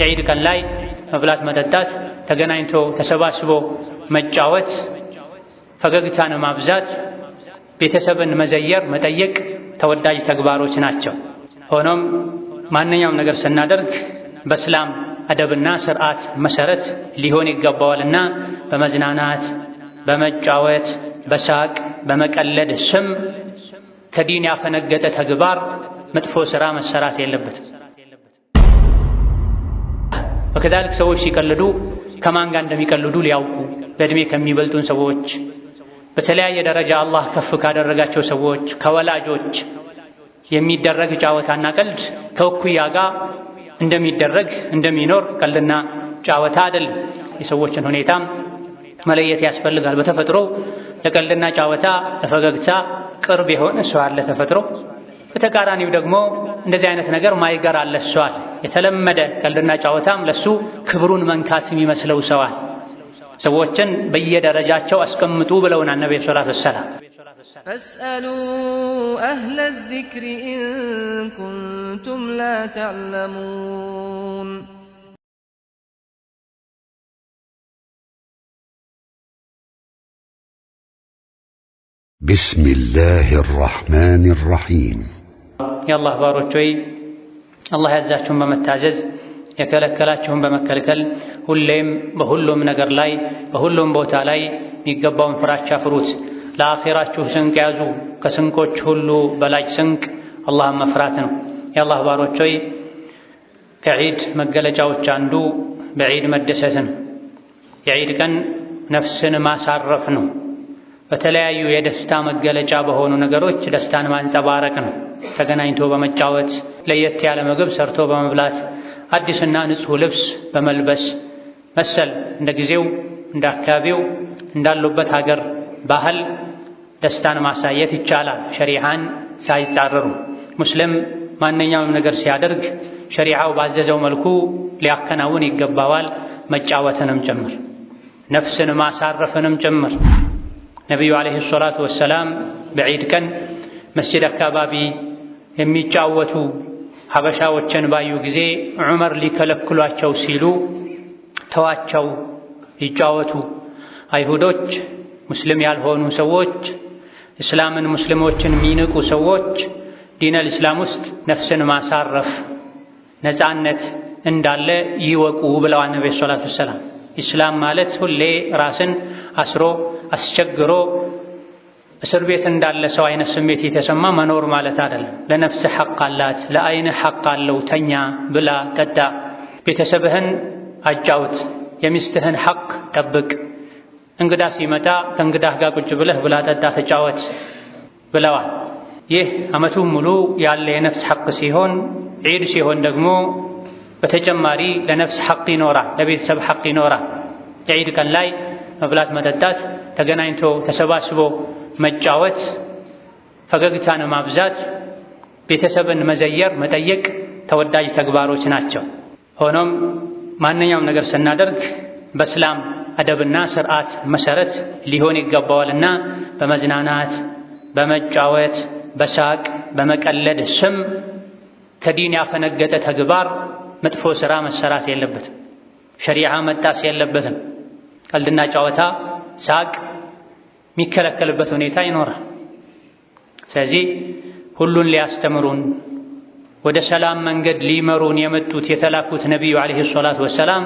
የዒድ ቀን ላይ መብላት፣ መጠጣት፣ ተገናኝቶ ተሰባስቦ መጫወት፣ ፈገግታን ማብዛት፣ ቤተሰብን መዘየር፣ መጠየቅ ተወዳጅ ተግባሮች ናቸው። ሆኖም ማንኛውም ነገር ስናደርግ በእስላም አደብና ስርዓት መሰረት ሊሆን ይገባዋልና በመዝናናት በመጫወት በሳቅ በመቀለድ ስም ከዲን ያፈነገጠ ተግባር መጥፎ ሥራ መሰራት የለበትም። ወከዛልክ ሰዎች ሲቀልዱ ከማን ጋር እንደሚቀልዱ ሊያውቁ በእድሜ ከሚበልጡን ሰዎች በተለያየ ደረጃ አላህ ከፍ ካደረጋቸው ሰዎች ከወላጆች የሚደረግ ጫወታና ቀልድ ከእኩያ ጋር እንደሚደረግ እንደሚኖር ቀልድና ጫወታ አይደለም። የሰዎችን ሁኔታም መለየት ያስፈልጋል። በተፈጥሮ ለቀልድና ጫወታ ለፈገግታ ቅርብ የሆነ ሰው አለ ተፈጥሮ በተቃራኒው ደግሞ እንደዚህ አይነት ነገር ማይገር አለሷል። የተለመደ ቀልድና ጨዋታም ለሱ ክብሩን መንካት የሚመስለው ሰዋል። ሰዎችን በየደረጃቸው አስቀምጡ ብለውናል ነብዩ ሰለላሁ ዐለይሂ ወሰለም። ፈስአሉ አህለ ዚክሪ ኢን ኩንቱም ላ ተዕለሙን بسم الله الرحمن الرحيم የአላህ ባሮች ሆይ አላህ ያዛችሁን በመታዘዝ የከለከላችሁን በመከልከል ሁሌም በሁሉም ነገር ላይ በሁሉም ቦታ ላይ የሚገባውን ፍራቻ ፍሩት። ለአኼራችሁ ስንቅ ያዙ። ከስንቆች ሁሉ በላጭ ስንቅ አላህን መፍራት ነው። የአላህ ባሮች ሆይ ከዒድ መገለጫዎች አንዱ በዒድ መደሰት ነው። የዒድ ቀን ነፍስን ማሳረፍ ነው። በተለያዩ የደስታ መገለጫ በሆኑ ነገሮች ደስታን ማንጸባረቅ ነው። ተገናኝቶ በመጫወት ለየት ያለ ምግብ ሰርቶ በመብላት አዲስና ንጹህ ልብስ በመልበስ መሰል እንደ ጊዜው እንደ አካባቢው እንዳሉበት ሀገር ባህል ደስታን ማሳየት ይቻላል፣ ሸሪዓን ሳይጻረሩ። ሙስሊም ማንኛውም ነገር ሲያደርግ ሸሪዓው ባዘዘው መልኩ ሊያከናውን ይገባዋል፣ መጫወትንም ጭምር ነፍስን ማሳረፍንም ጭምር። ነቢዩ ዓለይሂ ሰላቱ ወሰላም በዒድ ቀን መስጂድ አካባቢ የሚጫወቱ ሀበሻዎችን ባዩ ጊዜ ዑመር ሊከለክሏቸው ሲሉ ተዋቸው ይጫወቱ፣ አይሁዶች ሙስሊም ያልሆኑ ሰዎች፣ እስላምን ሙስሊሞችን የሚንቁ ሰዎች ዲነል እስላም ውስጥ ነፍስን ማሳረፍ ነፃነት እንዳለ ይወቁ ብለዋል ነቢ ሰላቱ ወሰላም። ኢስላም ማለት ሁሌ ራስን አስሮ አስቸግሮ እስር ቤት እንዳለ ሰው አይነት ስሜት የተሰማ መኖር ማለት አይደለም። ለነፍስህ ሐቅ አላት፣ ለአይንህ ሐቅ አለው። ተኛ፣ ብላ፣ ጠጣ፣ ቤተሰብህን አጫውት፣ የሚስትህን ሐቅ ጠብቅ። እንግዳ ሲመጣ ከእንግዳህ ጋር ቁጭ ብለህ ብላ፣ ጠጣ፣ ተጫወት ብለዋል። ይህ ዓመቱን ሙሉ ያለ የነፍስ ሐቅ ሲሆን ዒድ ሲሆን ደግሞ በተጨማሪ ለነፍስ ሐቅ ይኖራል፣ ለቤተሰብ ሐቅ ይኖራል። የዒድ ቀን ላይ መብላት፣ መጠጣት፣ ተገናኝቶ ተሰባስቦ መጫወት፣ ፈገግታን ማብዛት፣ ቤተሰብን መዘየር፣ መጠየቅ ተወዳጅ ተግባሮች ናቸው። ሆኖም ማንኛውም ነገር ስናደርግ በእስላም አደብና ስርዓት መሰረት ሊሆን ይገባዋልና በመዝናናት በመጫወት በሳቅ በመቀለድ ስም ከዲን ያፈነገጠ ተግባር መጥፎ ሥራ መሰራት የለበትም። ሸሪዓ መጣስ የለበትም። ቀልድና ጨዋታ ሳቅ የሚከለከልበት ሁኔታ ይኖራል። ስለዚህ ሁሉን ሊያስተምሩን ወደ ሰላም መንገድ ሊመሩን የመጡት የተላኩት ነቢዩ ዓለይሂ ሰላቱ ወሰላም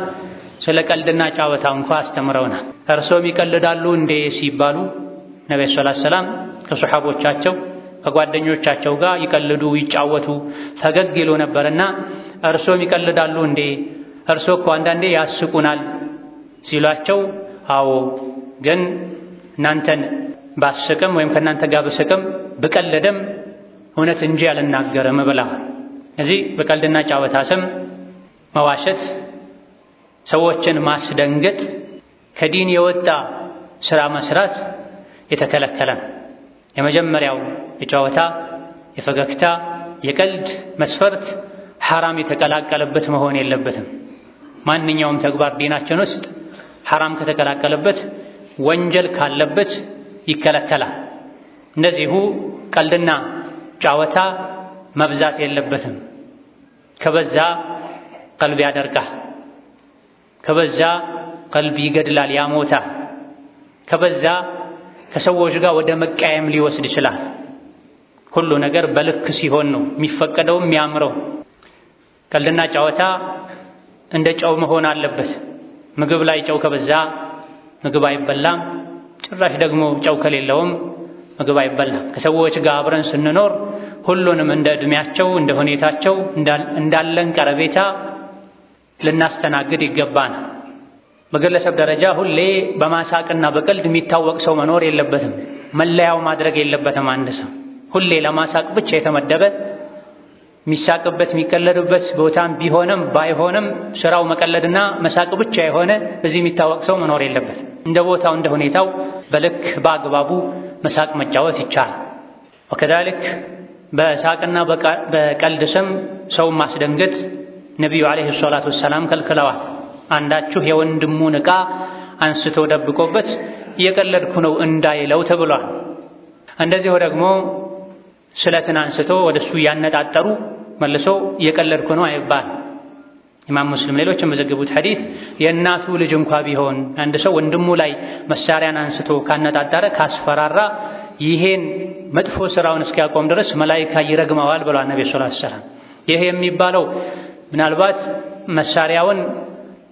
ስለ ቀልድና ጫወታ እንኳ አስተምረውናል። እርሶም ይቀልዳሉ እንዴ ሲባሉ ነቢዩ ሰላቱ ሰላም ከሱሐቦቻቸው ከጓደኞቻቸው ጋር ይቀልዱ ይጫወቱ ፈገግ ይሉ ነበርና እርሶም ይቀልዳሉ እንዴ እርሶ እኮ አንዳንዴ ያስቁናል ሲሏቸው አዎ ግን እናንተን ባስቅም ወይም ከእናንተ ጋር ብስቅም ብቀለደም እውነት እንጂ አልናገርም ብለዋል። እዚህ በቀልድና ጫወታ ስም መዋሸት፣ ሰዎችን ማስደንገጥ፣ ከዲን የወጣ ስራ መስራት የተከለከለ ነው። የመጀመሪያው የጨዋታ የፈገግታ የቀልድ መስፈርት ሐራም የተቀላቀለበት መሆን የለበትም። ማንኛውም ተግባር ዲናችን ውስጥ ሐራም ከተቀላቀለበት ወንጀል ካለበት ይከለከላል። እንደዚሁ ቀልድና ጫወታ መብዛት የለበትም። ከበዛ ቀልብ ያደርጋል። ከበዛ ቀልብ ይገድላል፣ ያሞታል። ከበዛ ከሰዎች ጋር ወደ መቃየም ሊወስድ ይችላል። ሁሉ ነገር በልክ ሲሆን ነው የሚፈቀደው የሚያምረው። ቀልድና ጨዋታ እንደ ጨው መሆን አለበት። ምግብ ላይ ጨው ከበዛ ምግብ አይበላም። ጭራሽ ደግሞ ጨው ከሌለውም ምግብ አይበላም። ከሰዎች ጋር አብረን ስንኖር ሁሉንም እንደ ዕድሜያቸው፣ እንደ ሁኔታቸው እንዳለን ቀረቤታ ልናስተናግድ ይገባል። በግለሰብ ደረጃ ሁሌ በማሳቅና በቀልድ የሚታወቅ ሰው መኖር የለበትም። መለያው ማድረግ የለበትም። አንድ ሰው ሁሌ ለማሳቅ ብቻ የተመደበ የሚሳቅበት የሚቀለድበት ቦታም ቢሆንም ባይሆንም ስራው መቀለድና መሳቅ ብቻ የሆነ እዚህ የሚታወቅ ሰው መኖር የለበት። እንደ ቦታው እንደ ሁኔታው በልክ በአግባቡ መሳቅ መጫወት ይቻላል። ወከዛሊክ በሳቅና በቀልድ ስም ሰውን ማስደንገጥ ነቢዩ ዓለይሂ ሰላቱ ወሰላም ከልክለዋል። አንዳችሁ የወንድሙን ዕቃ አንስቶ ደብቆበት እየቀለድኩ ነው እንዳይለው ተብሏል። እንደዚሁ ደግሞ ስለትን አንስቶ ወደ እሱ ያነጣጠሩ መልሶ እየቀለድኩ ነው አይባል። ኢማም ሙስሊም ሌሎች የመዘገቡት ሐዲስ የእናቱ ልጅ እንኳ ቢሆን አንድ ሰው ወንድሙ ላይ መሳሪያን አንስቶ ካነጣጠረ፣ ካስፈራራ ይሄን መጥፎ ስራውን እስኪያቆም ድረስ መላይካ ይረግመዋል ብሏል ነቢ ሰለላሁ ዐለይሂ ወሰለም። ይሄ የሚባለው ምናልባት መሳሪያውን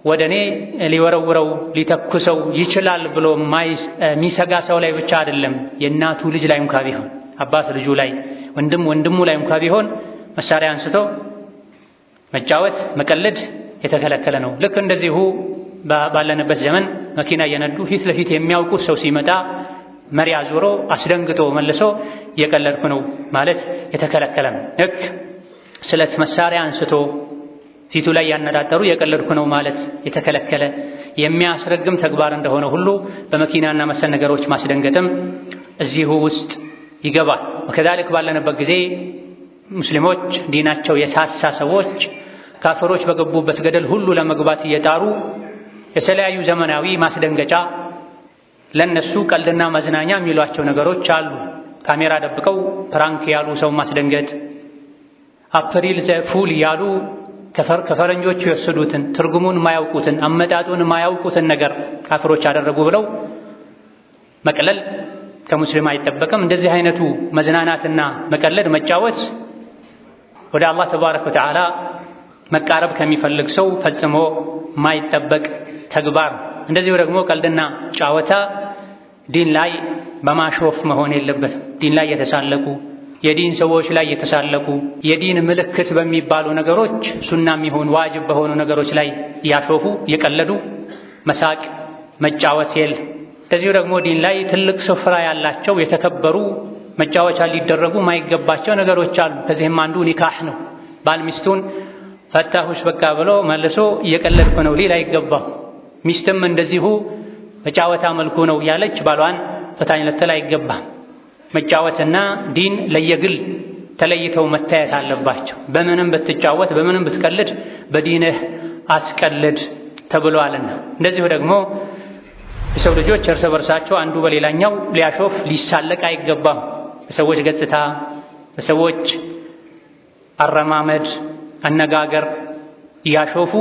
ወደ እኔ ሊወረውረው ሊተኩሰው ይችላል ብሎ የሚሰጋ ሰው ላይ ብቻ አይደለም፣ የእናቱ ልጅ ላይ እንኳ ቢሆን አባት ልጁ ላይ ወንድም ወንድሙ ላይ እንኳ ቢሆን መሳሪያ አንስቶ መጫወት መቀለድ የተከለከለ ነው። ልክ እንደዚሁ ባለንበት ዘመን መኪና እየነዱ ፊት ለፊት የሚያውቁት ሰው ሲመጣ መሪ አዞሮ አስደንግጦ መልሶ እየቀለድኩ ነው ማለት የተከለከለ ነው። ልክ ስለት መሳሪያ አንስቶ ፊቱ ላይ ያነጣጠሩ እየቀለድኩ ነው ማለት የተከለከለ የሚያስረግም ተግባር እንደሆነ ሁሉ በመኪናና መሰል ነገሮች ማስደንገጥም እዚሁ ውስጥ ይገባል። ወከዛሊክ ባለንበት ጊዜ ሙስሊሞች ዲናቸው የሳሳ ሰዎች ካፈሮች በገቡበት ገደል ሁሉ ለመግባት እየጣሩ የተለያዩ ዘመናዊ ማስደንገጫ ለነሱ ቀልድና መዝናኛ የሚሏቸው ነገሮች አሉ። ካሜራ ደብቀው ፕራንክ ያሉ ሰው ማስደንገጥ፣ አፕሪል ዘ ፉል ያሉ ከፈረንጆቹ የወሰዱትን ትርጉሙን ማያውቁትን አመጣጡን ማያውቁትን ነገር ካፍሮች አደረጉ ብለው መቅለል ከሙስሊም አይጠበቅም። እንደዚህ አይነቱ መዝናናትና መቀለድ፣ መጫወት ወደ አላህ ተባረከ ወተዓላ መቃረብ ከሚፈልግ ሰው ፈጽሞ ማይጠበቅ ተግባር። እንደዚሁ ደግሞ ቀልድና ጫወታ ዲን ላይ በማሾፍ መሆን የለበትም። ዲን ላይ የተሳለቁ የዲን ሰዎች ላይ የተሳለቁ የዲን ምልክት በሚባሉ ነገሮች ሱና የሚሆን ዋጅብ በሆኑ ነገሮች ላይ ያሾፉ የቀለዱ መሳቅ መጫወት የለም። እንደዚሁ ደግሞ ዲን ላይ ትልቅ ስፍራ ያላቸው የተከበሩ መጫወቻ ሊደረጉ የማይገባቸው ነገሮች አሉ። ከዚህም አንዱ ኒካህ ነው። ባል ሚስቱን ፈታሁሽ በቃ ብሎ መልሶ እየቀለድኩ ነው ሊል አይገባም። ሚስትም እንደዚሁ በጫወታ መልኩ ነው እያለች ባሏን ፈታኝ ልትል አይገባም። መጫወትና ዲን ለየግል ተለይተው መታየት አለባቸው። በምንም ብትጫወት፣ በምንም ብትቀልድ በዲንህ አትቀልድ ተብሏልና እንደዚሁ ደግሞ የሰው ልጆች እርስ በርሳቸው አንዱ በሌላኛው ሊያሾፍ ሊሳለቅ አይገባም። በሰዎች ገጽታ፣ በሰዎች አረማመድ፣ አነጋገር እያሾፉ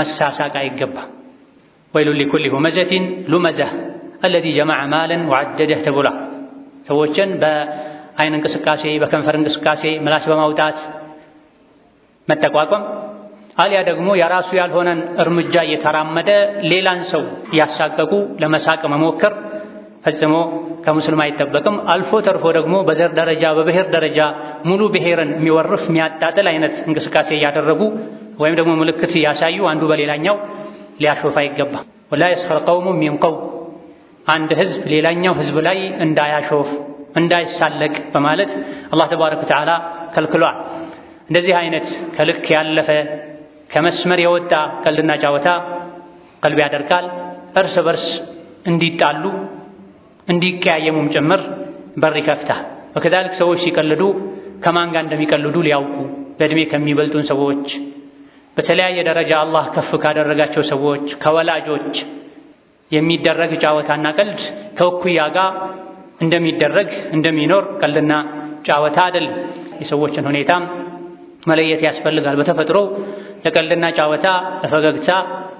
መሳሳቅ አይገባም። ወይሉ ሊኩል ሁመዘቲን ሉመዘህ አለዚ ጀማዐ ማለን ወዐደደህ ተብላ ሰዎችን በአይን እንቅስቃሴ፣ በከንፈር እንቅስቃሴ፣ ምላስ በማውጣት መጠቋቋም አሊያ ደግሞ የራሱ ያልሆነን እርምጃ እየተራመደ ሌላን ሰው እያሳቀቁ ለመሳቅ መሞከር ፈጽሞ ከሙስሊም አይጠበቅም። አልፎ ተርፎ ደግሞ በዘር ደረጃ በብሔር ደረጃ ሙሉ ብሔርን የሚወርፍ የሚያጣጥል አይነት እንቅስቃሴ እያደረጉ ወይም ደግሞ ምልክት እያሳዩ አንዱ በሌላኛው ሊያሾፍ አይገባም። ወላ የስኸር ቀውሙ ሚን ቀውም አንድ ህዝብ ሌላኛው ህዝብ ላይ እንዳያሾፍ እንዳይሳለቅ በማለት አላህ ተባረከ ወተዓላ ከልክሏል። እንደዚህ አይነት ከልክ ያለፈ ከመስመር የወጣ ቀልድና ጫወታ ቀልብ ያደርጋል። እርስ በርስ እንዲጣሉ እንዲቀያየሙም ጭምር በር ይከፍታል። ወከዛልክ ሰዎች ሲቀልዱ ከማን ጋር እንደሚቀልዱ ሊያውቁ በእድሜ ከሚበልጡን ሰዎች፣ በተለያየ ደረጃ አላህ ከፍ ካደረጋቸው ሰዎች፣ ከወላጆች የሚደረግ ጫወታና ቀልድ ከእኩያ ጋር እንደሚደረግ እንደሚኖር ቀልድና ጫወታ አይደለም። የሰዎችን ሁኔታም መለየት ያስፈልጋል። በተፈጥሮ ለቀልድና ጫወታ ለፈገግታ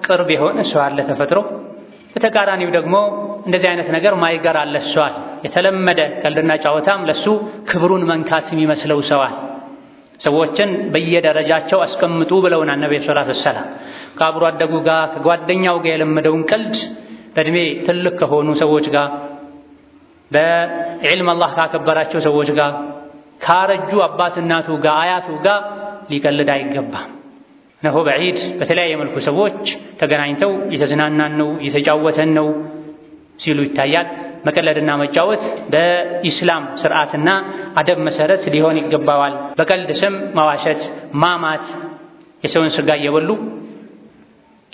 ቅርብ የሆነ ሰው አለ ተፈጥሮ። በተቃራኒው ደግሞ እንደዚህ አይነት ነገር ማይገር አለ ሰው አለ። የተለመደ ቀልድና ጫወታም ለሱ ክብሩን መንካት የሚመስለው ሰው አለ። ሰዎችን በየደረጃቸው አስቀምጡ ብለውና ነብዩ ሰለላሁ ዐለይሂ ወሰለም ከአብሮ አደጉ ጋር ከጓደኛው ጋር የለመደውን ቀልድ በእድሜ ትልቅ ከሆኑ ሰዎች ጋር በዕልም አላህ ካከበራቸው ሰዎች ጋር ካረጁ አባት እናቱ ጋር አያቱ ጋር ሊቀልድ አይገባም። ነሆ በዒድ በተለያየ መልኩ ሰዎች ተገናኝተው እየተዝናናን ነው እየተጫወተን ነው ሲሉ ይታያል። መቀለድና መጫወት በኢስላም ስርዓትና አደብ መሰረት ሊሆን ይገባዋል። በቀልድ ስም ማዋሸት፣ ማማት፣ የሰውን ስጋ እየበሉ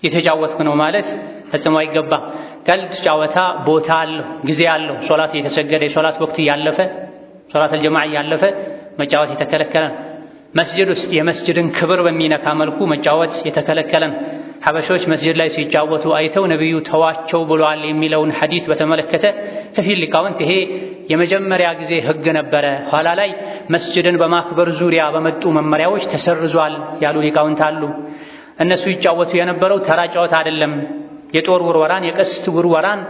የተጫወትኩ ነው ማለት ፈጽሞ አይገባም። ቀልድ ጫወታ ቦታ አለው፣ ጊዜ አለው። ሶላት እየተሰገደ የሶላት ወቅት እያለፈ ሶላት አልጀማዓ እያለፈ መጫወት የተከለከለ ነው። መስጅድ ውስጥ የመስጅድን ክብር በሚነካ መልኩ መጫወት የተከለከለ ነው። ሐበሾች መስጅድ ላይ ሲጫወቱ አይተው ነቢዩ ተዋቸው ብሏል የሚለውን ሐዲት በተመለከተ ከፊል ሊቃውንት ይሄ የመጀመሪያ ጊዜ ሕግ ነበረ፣ ኋላ ላይ መስጅድን በማክበር ዙሪያ በመጡ መመሪያዎች ተሰርዟል ያሉ ሊቃውንት አሉ። እነሱ ይጫወቱ የነበረው ተራ ጨዋታ አይደለም። የጦር ውርወራን፣ የቀስት ውርወራን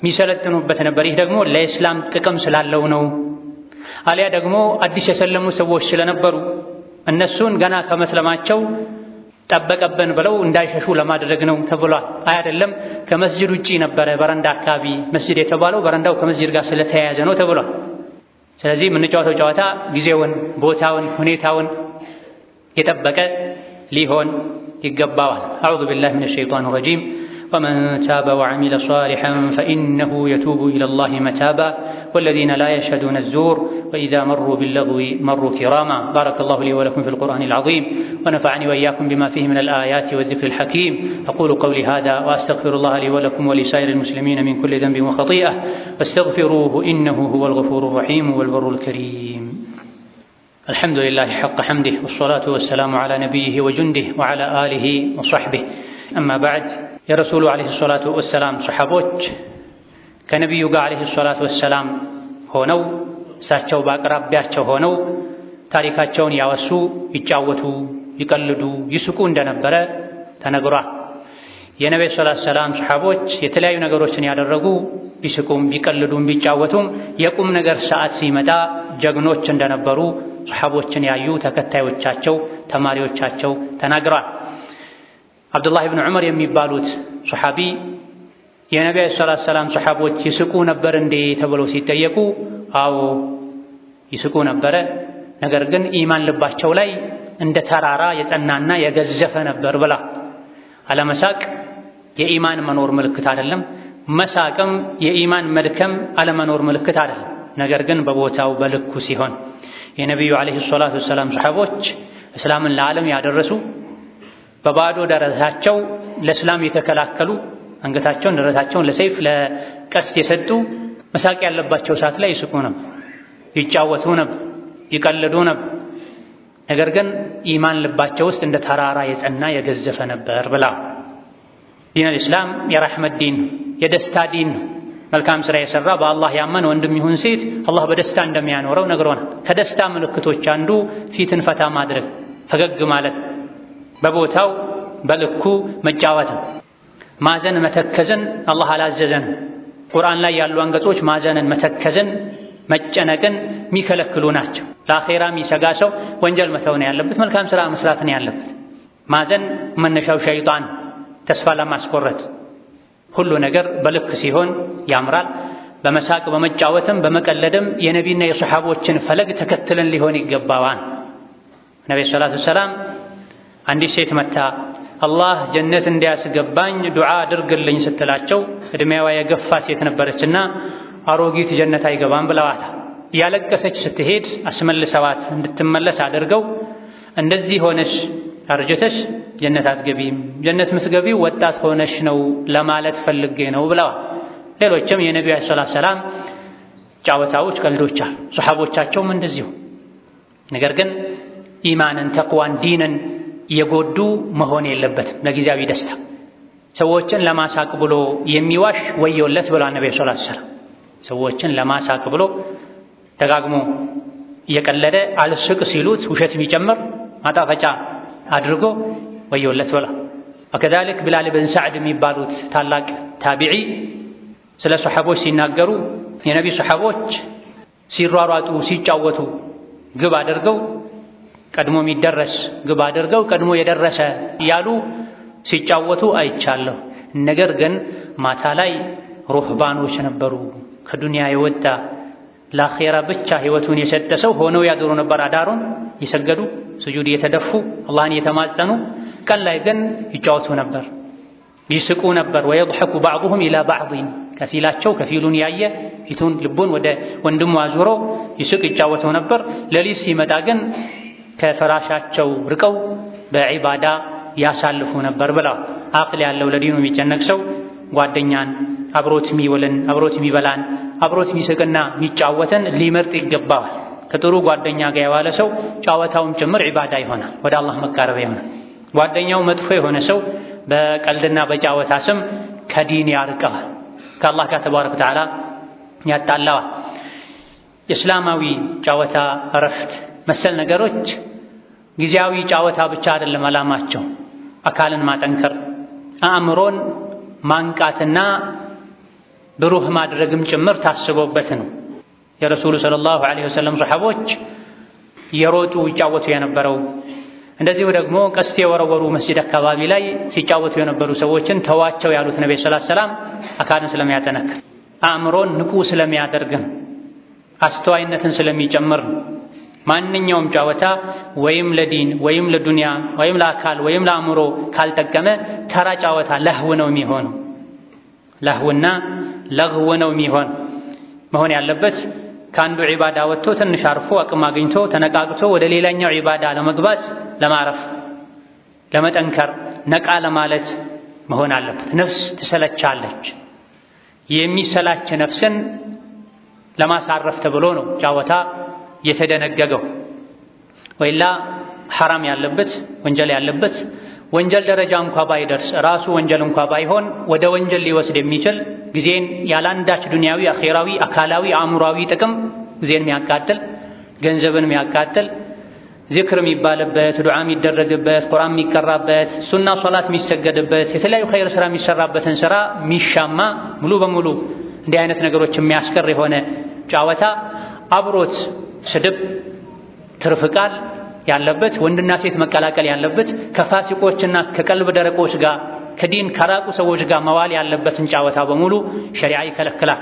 የሚሰለጥኑበት ነበር። ይህ ደግሞ ለእስላም ጥቅም ስላለው ነው። አሊያ ደግሞ አዲስ የሰለሙ ሰዎች ስለነበሩ እነሱን ገና ከመስለማቸው ጠበቀብን ብለው እንዳይሸሹ ለማድረግ ነው ተብሏል። አይ አይደለም፣ ከመስጅድ ውጪ ነበረ በረንዳ አካባቢ መስጅድ የተባለው በረንዳው ከመስጅድ ጋር ስለተያያዘ ነው ተብሏል። ስለዚህ የምንጫወተው ጨዋታ ጊዜውን፣ ቦታውን፣ ሁኔታውን የጠበቀ ሊሆን ይገባዋል። አዑዙ ቢላሂ ሚነ ሸይጣን ረጂም ومن تاب وعمل صالحا فإنه يتوب إلى الله متابا والذين لا يشهدون الزور وإذا مروا باللغو مروا كراما بارك الله لي ولكم في القرآن العظيم ونفعني وإياكم بما فيه من الآيات والذكر الحكيم أقول قولي هذا وأستغفر الله لي ولكم ولسائر المسلمين من كل ذنب وخطيئة فاستغفروه إنه هو الغفور الرحيم والبر الكريم الحمد لله حق حمده والصلاة والسلام على نبيه وجنده وعلى آله وصحبه أما بعد የረሱሉ ዓለይሂ ሰላቱ ወሰላም ሰሓቦች ከነቢዩ ጋር ዓለይሂ ሰላቱ ወሰላም ሆነው እሳቸው በአቅራቢያቸው ሆነው ታሪካቸውን ያወሱ፣ ይጫወቱ፣ ይቀልዱ፣ ይስቁ እንደነበረ ተነግሯል። የነቢዩ ሰላቱ ሰላም ሰሓቦች የተለያዩ ነገሮችን ያደረጉ ቢስቁም፣ ቢቀልዱም፣ ቢጫወቱም የቁም ነገር ሰዓት ሲመጣ ጀግኖች እንደነበሩ ሰሓቦችን ያዩ ተከታዮቻቸው፣ ተማሪዎቻቸው ተናግሯል። አብዱላህ ብን ዑመር የሚባሉት ሰሓቢ የነቢ ሰላት ሰላም ሰሓቦች ይስቁ ነበር እንዴ ተብለው ሲጠየቁ አዎ ይስቁ ነበረ፣ ነገር ግን ኢማን ልባቸው ላይ እንደ ተራራ የጸናና የገዘፈ ነበር ብላ አለመሳቅ የኢማን መኖር ምልክት አይደለም። መሳቅም የኢማን መድከም አለመኖር ምልክት አይደለም። ነገር ግን በቦታው በልኩ ሲሆን የነቢዩ ዓለይሂ ሰላቱ ወሰላም ሰሓቦች እስላምን ለዓለም ያደረሱ በባዶ ደረታቸው ለእስላም የተከላከሉ አንገታቸውን ደረታቸውን ለሰይፍ ለቀስት የሰጡ መሳቅ ያለባቸው ሰዓት ላይ ይስቁ ነበር፣ ይጫወቱ ነበር፣ ይቀልዱ ነበር። ነገር ግን ኢማን ልባቸው ውስጥ እንደ ተራራ የጸና የገዘፈ ነበር ብላ ዲን አልእስላም የራሕመት ዲን የደስታ ዲን መልካም ስራ የሰራ በአላህ ያመን ወንድም ይሁን ሴት አላህ በደስታ እንደሚያኖረው ነግሮናል። ከደስታ ምልክቶች አንዱ ፊትን ፈታ ማድረግ ፈገግ ማለት በቦታው በልኩ መጫወት ማዘን መተከዝን አላህ አላዘዘን። ቁርአን ላይ ያሉ አንቀጾች ማዘንን፣ መተከዝን፣ መጨነቅን የሚከለክሉ ናቸው። ለአኼራ የሚሰጋ ሰው ወንጀል መተው ነው ያለበት፣ መልካም ስራ መስራት ነው ያለበት። ማዘን መነሻው ሸይጣን ተስፋ ለማስቆረጥ ሁሉ ነገር በልክ ሲሆን ያምራል። በመሳቅ በመጫወትም በመቀለድም የነቢና የሰሓቦችን ፈለግ ተከትለን ሊሆን ይገባዋል። ነቢ ሰላቱ ሰላም አንዲት ሴት መታ አላህ ጀነት እንዲያስገባኝ ዱዓ አድርግልኝ ስትላቸው እድሜዋ የገፋ ሴት ነበረችና አሮጊት ጀነት አይገባም ብለዋታ። ያለቀሰች ስትሄድ አስመልሰዋት እንድትመለስ አድርገው እንደዚህ ሆነሽ አርጅተሽ ጀነት አትገቢም፣ ጀነት ምትገቢው ወጣት ሆነሽ ነው ለማለት ፈልጌ ነው ብለዋል። ሌሎችም የነቢዩ ሰላቱ ሰላም ጫወታዎች፣ ቀልዶቻ ሶሐቦቻቸውም እንደዚሁ ነገር ግን ኢማንን ተቅዋን ዲንን የጎዱ መሆን የለበትም ለጊዜያዊ ደስታ። ሰዎችን ለማሳቅ ብሎ የሚዋሽ ወየውለት ብሏል ነብዩ ሶላት ዐለይሂ ሰዎችን ለማሳቅ ብሎ ደጋግሞ እየቀለደ አልስቅ ሲሉት ውሸት የሚጨምር ማጣፈጫ አድርጎ ወየውለት ብሏል። ወከዛሊክ ቢላል ብን ሰዕድ የሚባሉት ታላቅ ታቢዒ ስለ ሰሐቦች ሲናገሩ የነቢ ሰሐቦች ሲሯሯጡ ሲጫወቱ ግብ አድርገው ቀድሞ የሚደረስ ግብ አድርገው ቀድሞ የደረሰ ያሉ ሲጫወቱ አይቻለሁ። ነገር ግን ማታ ላይ ሩህባኖች ነበሩ። ከዱንያ የወጣ ለአኼራ ብቻ ህይወቱን የሰጠ ሰው ሆነው ያድሩ ነበር። አዳሩን የሰገዱ ስጁድ የተደፉ አላህን የተማጸኑ፣ ቀን ላይ ግን ይጫወቱ ነበር፣ ይስቁ ነበር። ወየድሐኩ ባዕዱሁም ኢላ ባዕዲን ከፊላቸው ከፊሉን ያየ ፊቱን ልቡን ወደ ወንድሙ አዙሮ ይስቅ ይጫወተው ነበር። ሌሊት ሲመጣ ግን ከፍራሻቸው ርቀው በዒባዳ ያሳልፉ ነበር ብለው። አቅል ያለው ለዲኑ የሚጨነቅ ሰው ጓደኛን አብሮት የሚውልን አብሮት የሚበላን አብሮት የሚስቅና የሚጫወተን ሊመርጥ ይገባዋል። ከጥሩ ጓደኛ ጋር የዋለ ሰው ጫወታውም ጭምር ዒባዳ ይሆናል፣ ወደ አላህ መቃረቢያ ይሆናል። ጓደኛው መጥፎ የሆነ ሰው በቀልድና በጫወታ ስም ከዲን ያርቀዋል፣ ከአላህ ጋር ተባረከ ወተዓላ ያጣላዋል። የእስላማዊ ጫወታ እረፍት መሰል ነገሮች ጊዜያዊ ጫወታ ብቻ አይደለም አላማቸው አካልን ማጠንከር፣ አእምሮን ማንቃትና ብሩህ ማድረግም ጭምር ታስቦበት ነው። የረሱሉ ሰለላሁ ዐለይሂ ወሰለም ሰሐቦች የሮጡ ይጫወቱ የነበረው እንደዚሁ ደግሞ ቀስት የወረወሩ መስጂድ አካባቢ ላይ ሲጫወቱ የነበሩ ሰዎችን ተዋቸው ያሉት ነብይ ሰለላሁ ሰላም አካልን ስለሚያጠነክር አእምሮን ንቁ ስለሚያደርግን አስተዋይነትን ስለሚጨምር ማንኛውም ጨዋታ ወይም ለዲን ወይም ለዱንያ ወይም ለአካል ወይም ለአእምሮ ካልጠቀመ ተራ ጨዋታ ለህው ነው የሚሆነው። ለህውና ለህው ነው የሚሆን መሆን ያለበት ከአንዱ ዒባዳ ወጥቶ ትንሽ አርፎ አቅም አግኝቶ ተነቃቅቶ ወደ ሌላኛው ዒባዳ ለመግባት ለማረፍ፣ ለመጠንከር፣ ነቃ ለማለት መሆን አለበት። ነፍስ ትሰለቻለች። የሚሰላች ነፍስን ለማሳረፍ ተብሎ ነው ጨዋታ የተደነገገው። ወይላ ሐራም ያለበት ወንጀል ያለበት ወንጀል ደረጃ እንኳ ባይደርስ ራሱ ወንጀል እንኳ ባይሆን ወደ ወንጀል ሊወስድ የሚችል ጊዜን ያላንዳች ዱንያዊ፣ አኼራዊ፣ አካላዊ፣ አእምሯዊ ጥቅም ጊዜን የሚያቃጥል ገንዘብን የሚያቃጥል ዝክር የሚባልበት ዱዓ የሚደረግበት ቁርአን የሚቀራበት ሱና ሶላት የሚሰገድበት የተለያዩ ኸይር ስራ የሚሰራበትን ስራ የሚሻማ ሙሉ በሙሉ እንዲህ አይነት ነገሮች የሚያስቀር የሆነ ጫወታ አብሮት ስድብ፣ ትርፍ ቃል ያለበት ወንድና ሴት መቀላቀል ያለበት ከፋሲቆችና ከቀልብ ደረቆች ጋር ከዲን ከራቁ ሰዎች ጋር መዋል ያለበትን ጨዋታ በሙሉ ሸሪዓ ይከለክላል።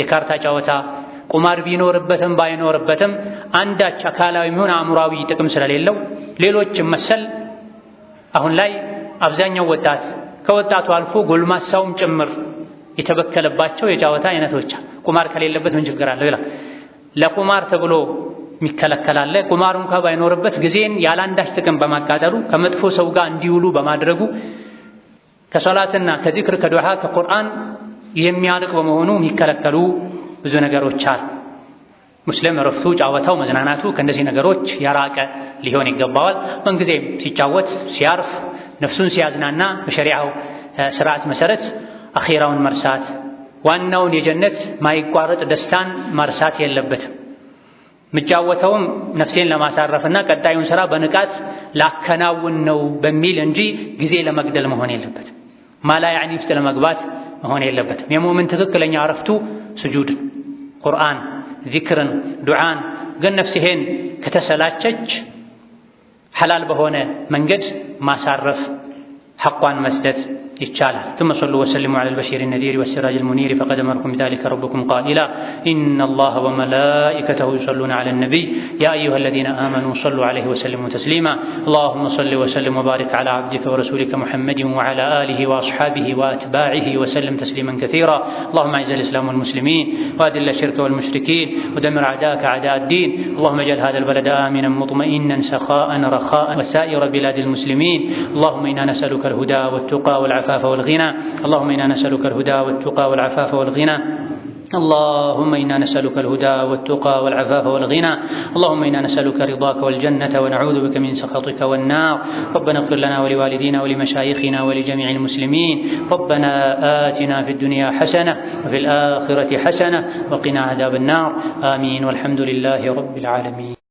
የካርታ ጨዋታ ቁማር ቢኖርበትም ባይኖርበትም አንዳች አካላዊ ይሁን አእምሯዊ ጥቅም ስለሌለው ሌሎችም መሰል አሁን ላይ አብዛኛው ወጣት ከወጣቱ አልፎ ጎልማሳውም ጭምር የተበከለባቸው የጨዋታ አይነቶች ቁማር ከሌለበት ምን ችግር አለው ይላል። ለቁማር ተብሎ የሚከለከላለ ቁማር እንኳ ባይኖርበት ጊዜን ያላንዳች ጥቅም በማቃጠሉ ከመጥፎ ሰው ጋር እንዲውሉ በማድረጉ ከሶላትና ከዚክር ከዱዓ ከቁርአን የሚያርቅ በመሆኑ የሚከለከሉ ብዙ ነገሮች አሉ። ሙስሊም እረፍቱ፣ ጫወታው፣ መዝናናቱ ከእነዚህ ነገሮች የራቀ ሊሆን ይገባዋል። ምንጊዜም ሲጫወት፣ ሲያርፍ፣ ነፍሱን ሲያዝናና በሸሪዓው ስርዓት መሰረት አኼራውን መርሳት ዋናውን የጀነት ማይቋረጥ ደስታን ማርሳት የለበትም። የምጫወተውም ነፍሴን ለማሳረፍና ቀጣዩን ሥራ በንቃት ላከናውን ነው በሚል እንጂ ጊዜ ለመግደል መሆን የለበትም። ማላ ያዕኒ ውስጥ ለመግባት መሆን የለበትም። የሙእምን ትክክለኛ እረፍቱ ስጁድ፣ ቁርአን፣ ዚክርን፣ ዱዓን። ግን ነፍስሄን ከተሰላቸች ሐላል በሆነ መንገድ ማሳረፍ፣ ሐቋን መስጠት ይቻላል ثم صلوا وسلموا على البشير النذير والسراج المنير فقد أمركم بذلك ربكم قائلا إن الله وملائكته يصلون على النبي يا أيها الذين آمنوا صلوا عليه وسلموا تسليما اللهم صل وسلم وبارك على عبدك ورسولك محمد وعلى آله وأصحابه وأتباعه وسلم تسليما كثيرا اللهم أعز الإسلام والمسلمين وأذل الشرك والمشركين ودمر أعداءك أعداء الدين اللهم اجعل هذا البلد آمنا مطمئنا سخاء رخاء وسائر بلاد المسلمين اللهم إنا نسألك الهدى والتقى والعفاف والعفاف والغنى اللهم إنا نسألك الهدى والتقى والعفاف والغنى اللهم إنا نسألك الهدى والتقى والعفاف والغنى اللهم إنا نسألك رضاك والجنة ونعوذ بك من سخطك والنار ربنا اغفر لنا ولوالدينا ولمشايخنا ولجميع المسلمين ربنا آتنا في الدنيا حسنة وفي الآخرة حسنة وقنا عذاب النار آمين والحمد لله رب العالمين